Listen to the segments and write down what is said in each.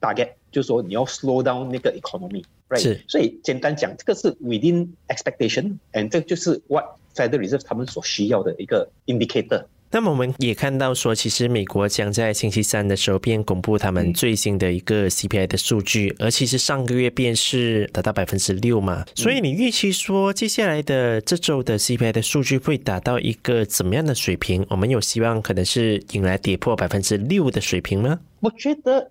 大概就是說你要 slow down 那個 economy，right？是所以簡單講，這個是 within expectation，and 這就是 what Federal Reserve 他們所需要的一個 indicator。那麼我們也看到說，其實美國將在星期三的時候便公布他們最新的一個 CPI 的數據，嗯、而其實上個月便是達到百分之六嘛。嗯、所以你預期說接下來的這周的 CPI 的數據會達到一個怎麼樣的水平？我們有希望可能是迎來跌破百分之六的水平嗎？我覺得。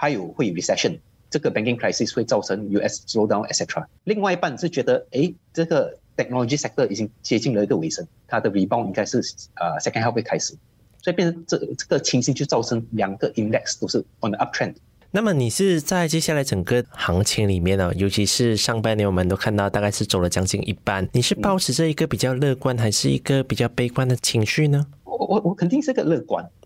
還有會有 recession，這個 banking crisis 會造成 US slow down etc。另外一半是覺得，誒，這個 technology sector 已經接近了一個尾聲，它的 rebound 應該是誒、呃、second half 會開始，所以變成這這個情形就造成兩個 index 都是 on the uptrend。那麼你是在接下來整個行情裡面呢、哦，尤其是上半年我們都看到大概是走了將近一半，你是抱持著一個比較樂觀，還是一個比較悲觀的情緒呢？我我我肯定是一個樂觀。